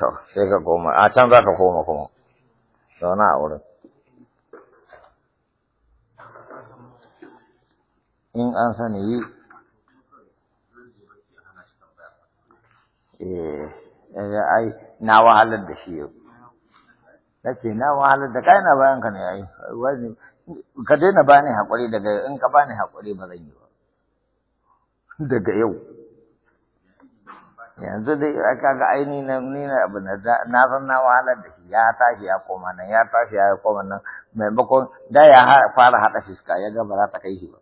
to sai ka koma a can za ka koma kuma zauna a wurin in an sani yi eh, eh ai na wahalar da shi yau ce na wahalar da kai na bayan ka ne ai wani ka daina bani haƙuri daga in ka bani haƙuri ba zan yi ba daga yau yanzu dai kaga aini na nina abu na na san na wahalar da shi ya tashi ya koma nan ya tashi ya koma nan maimakon da ya fara haɗa fiska ya ga ba za ta kai shi ba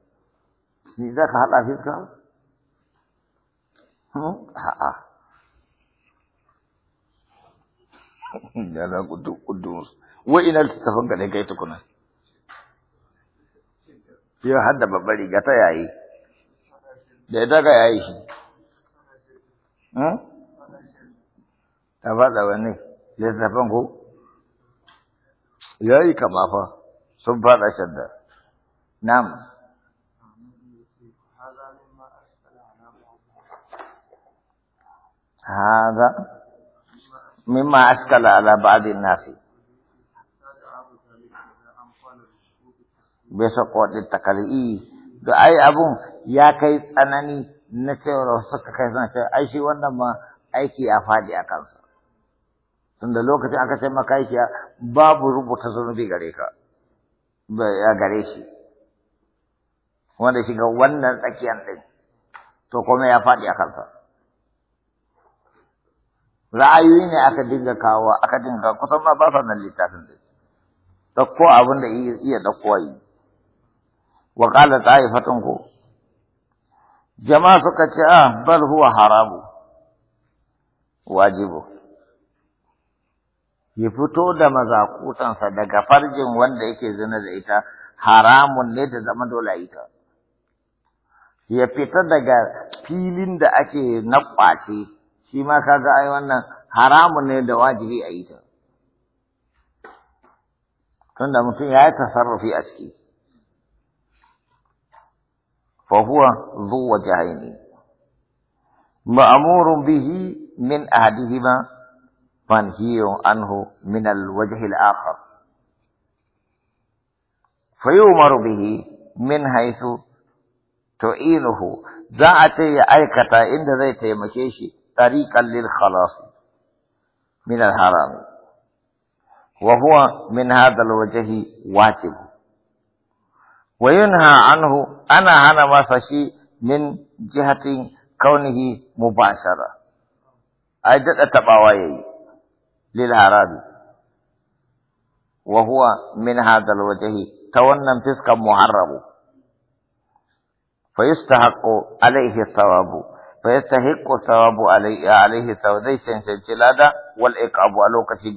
shi za ka haɗa fiska hmm? a'a yana na gudu gudu wa ina littafin ka dai kai tukuna ya hadda babbar riga ta yayi da ya daga yayi shi ta faɗa wani littafin ko ya yi kama fa sun faɗa shadda nam هذا مما أشكل على بعض الناس بسقوط التقليد da ai abun ya kai tsanani na cewar suka kai suna cewa ai shi wannan ma aiki ya faɗi a kansa tunda lokacin aka ce maka aiki babu rubuta zunubi gare ka ya gare shi wanda shiga wannan tsakiyan ɗin to kuma ya faɗi a kansa ra'ayoyi ne aka dinga kawo aka dinga kusan ma ba sa nan littafin da ɗauko abin da iya ɗauko yi wa ƙala ta'ifatun ko jama'a suka ce a ah, bar huwa haramu wajibu ya fito da mazakutansa daga farjin wanda yake zina da ita haramun ne ta zama dole ita ya fita daga filin da ake na ƙwace shi ma kaga ai wannan haramun ne da wajibi a ita tunda mutum ya yi tasarrufi a ciki فهو ذو وجهين مأمور به من أحدهما منهي عنه من الوجه الآخر فيؤمر به من حيث تعينه ذاتي أيكة إن ذات مشيشي طريقا للخلاص من الحرام وهو من هذا الوجه واجب وينهى عنه أنا هنا ما فشي من جهة كونه مباشرة أي أجد تباوي للعرب وهو من هذا الوجه تونم فسقا محرم فيستحق عليه الثواب فيستحق الثواب عليه عليه الثواب ليس والعقاب ولو كشي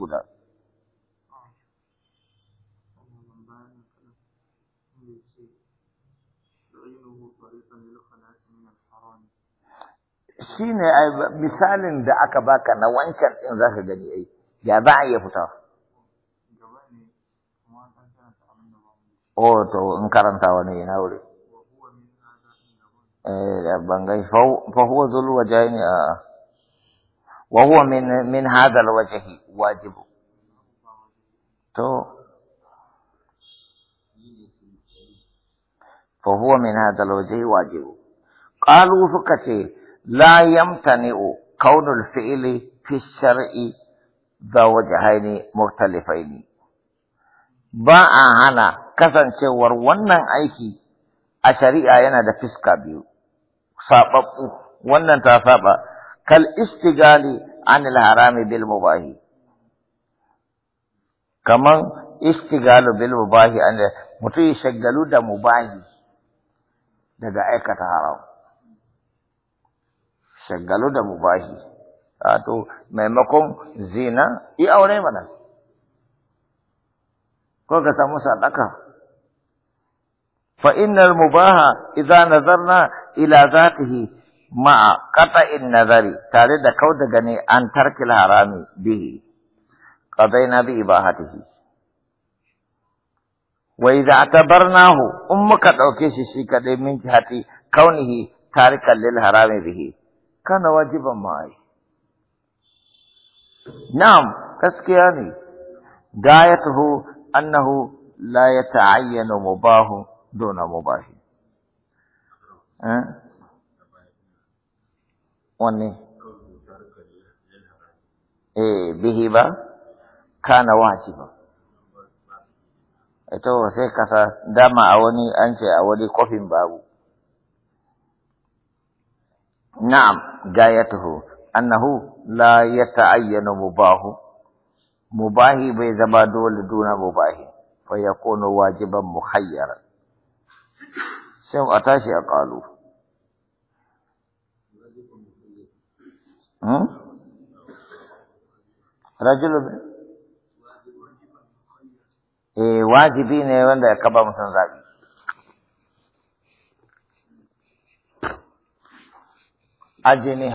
الشيء يعينه shine ai misalin da aka baka na wancan din za ka gani ai ya ba a iya fita oh to in karanta wani yana wuri eh ban gai fa huwa zul wajhain wa huwa min min hadha al wajhi wajibu to فهو من هذا الوجه واجب قالوا فكتي لا يمتنع كون الفعل في الشرع ذا وجهين مختلفين باء هنا كسن شور ونن ايكي الشريعة ينا دا فسكا بيو صابب ونن تاسابا كالاستقال عن الحرام بالمباهي كمان استقال بالمباهي عن يعني متي شغلو دا مباهي daga aikata haram shagalu da mubahi wato maimakon zina yi aure mana ko ka samu sadaka fa innal mubaha idza nazarna ila zatihi ma'a qata'in nazari tare da kau da gani an tarkil harami bihi qadaina bi ibahatihi wa idza atabarnahu in muka dauke shi shi kaɗai min jihati kaunihi tarikan lil harami bihi kana wajiban ma ai na'am gaskiya ne gayatuhu annahu la yata'ayyanu mubahu duna mubahi eh wanne eh bihi ba kana wajiban ita sai kasa dama a wani an ce a wani kofin babu na'am gayatuhu annahu la yata'ayyanu mubahu mubahi bai zama dole duna mubahi fa yakunu wajiban hayyar sai a tashi a ƙalu رجل hmm? eh wajibi ne wanda ya kaba mutum zaɓi ajini